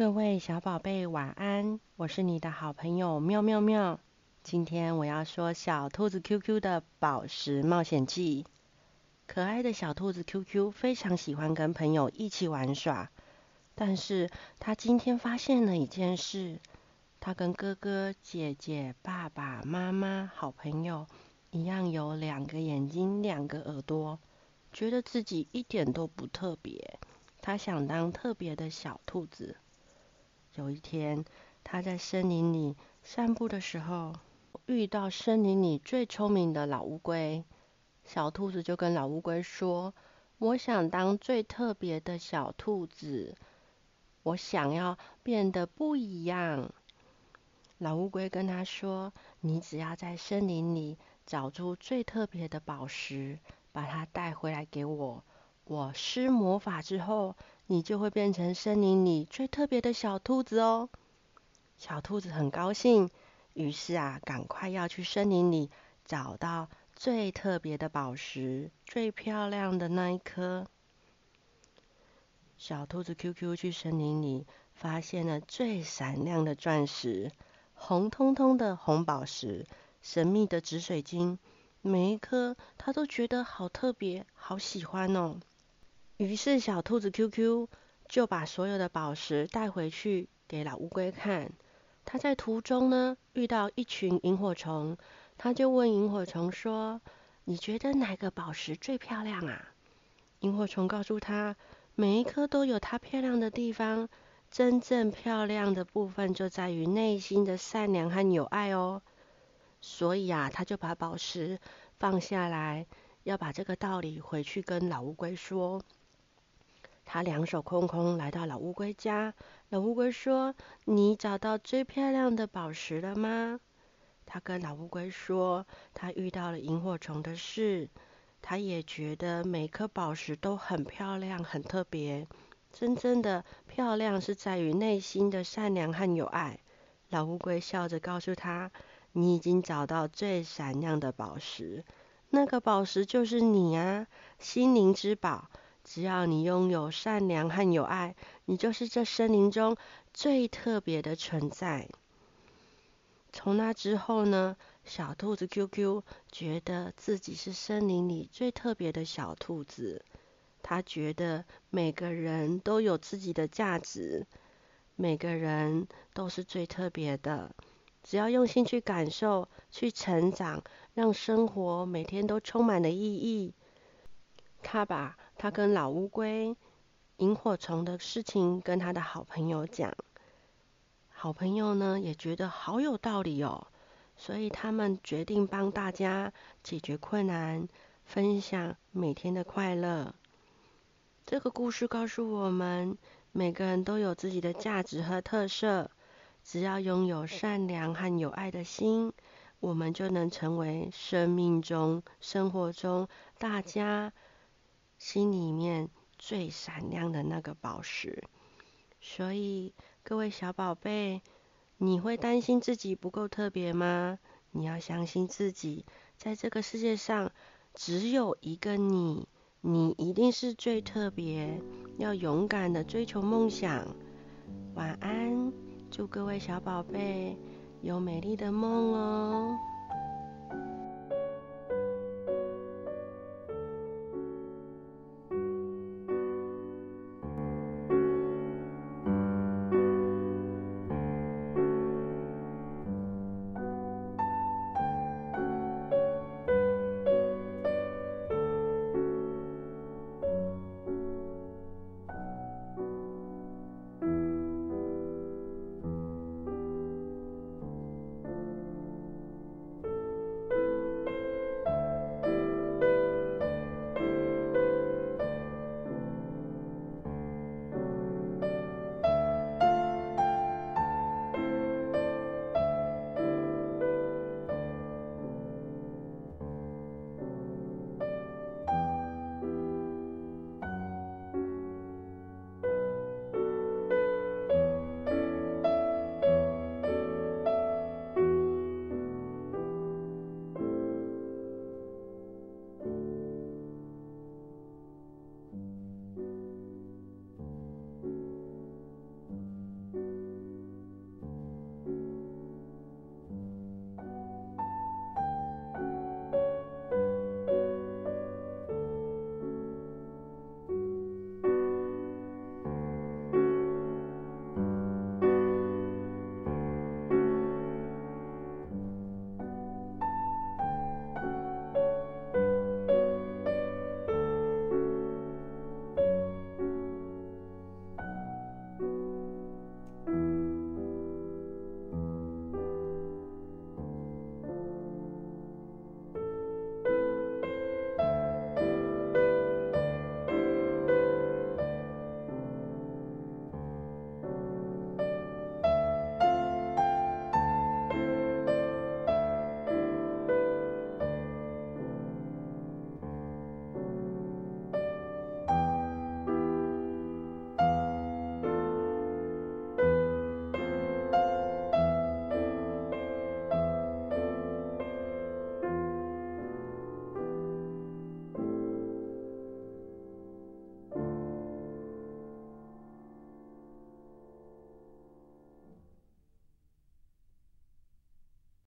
各位小寶貝，晚安！我是你的好朋友妙妙妙。今天我要說小兔子 QQ 的寶石冒險記。可愛的小兔子 QQ 非常喜歡跟朋友一起玩耍，但是他今天發現了一件事：他跟哥哥、姐姐、爸爸媽媽、好朋友一樣，有兩個眼睛、兩個耳朵，覺得自己一點都不特別。他想當特別的小兔子。有一天，他在森林裡散步的時候，遇到森林裡最聰明的老烏龜。小兔子就跟老烏龜說：“我想當最特別的小兔子，我想要變得不一樣。”老烏龜跟他說：“你只要在森林裡找出最特別的寶石，把它帶回來給我，我施魔法之後。”你就會變成森林裡最特別的小兔子哦。小兔子很高興，於是啊，趕快要去森林裡找到最特別的寶石，最漂亮的那一顆。小兔子 QQ 去森林裡，發現了最閃亮的鑽石，紅彤彤的紅寶石，神秘的紫水晶，每一顆它都覺得好特別，好喜歡哦。於是小兔子 QQ 就把所有的寶石帶回去給老烏龜看。他在途中呢，遇到一群螢火蟲，他就問螢火蟲說：“你覺得哪個寶石最漂亮啊？”螢火蟲告訴他：“每一顆都有它漂亮的地方，真正漂亮的部分就在於內心的善良和友愛哦。”所以啊，他就把寶石放下來，要把這個道理回去跟老烏龜說。他兩手空空來到老烏龜家，老烏龜說：“你找到最漂亮的寶石了嗎？”他跟老烏龜說：“他遇到了螢火蟲的事，他也覺得每顆寶石都很漂亮，很特別。真正的漂亮是在於內心的善良和友愛。”老烏龜笑着告訴他：“你已經找到最閃亮的寶石，那個寶石就是你啊，心靈之寶。”只要你擁有善良和友愛，你就是這森林中最特別的存在。從那之後呢，小兔子 QQ 覺得自己是森林裡最特別的小兔子。他覺得每個人都有自己的價值，每個人都是最特別的。只要用心去感受、去成長，讓生活每天都充滿了意義。他把。他跟老烏龜、螢火蟲的事情跟他的好朋友講，好朋友呢也覺得好有道理哦，所以他們決定幫大家解決困難，分享每天的快樂。這個故事告訴我們，每個人都有自己的價值和特色，只要擁有善良和有愛的心，我們就能成為生命中、生活中大家。心裡面最閃亮的那個寶石，所以各位小寶貝，你會擔心自己不夠特別嗎？你要相信自己，在這個世界上只有一個你，你一定是最特別。要勇敢的追求夢想。晚安，祝各位小寶貝有美麗的夢哦。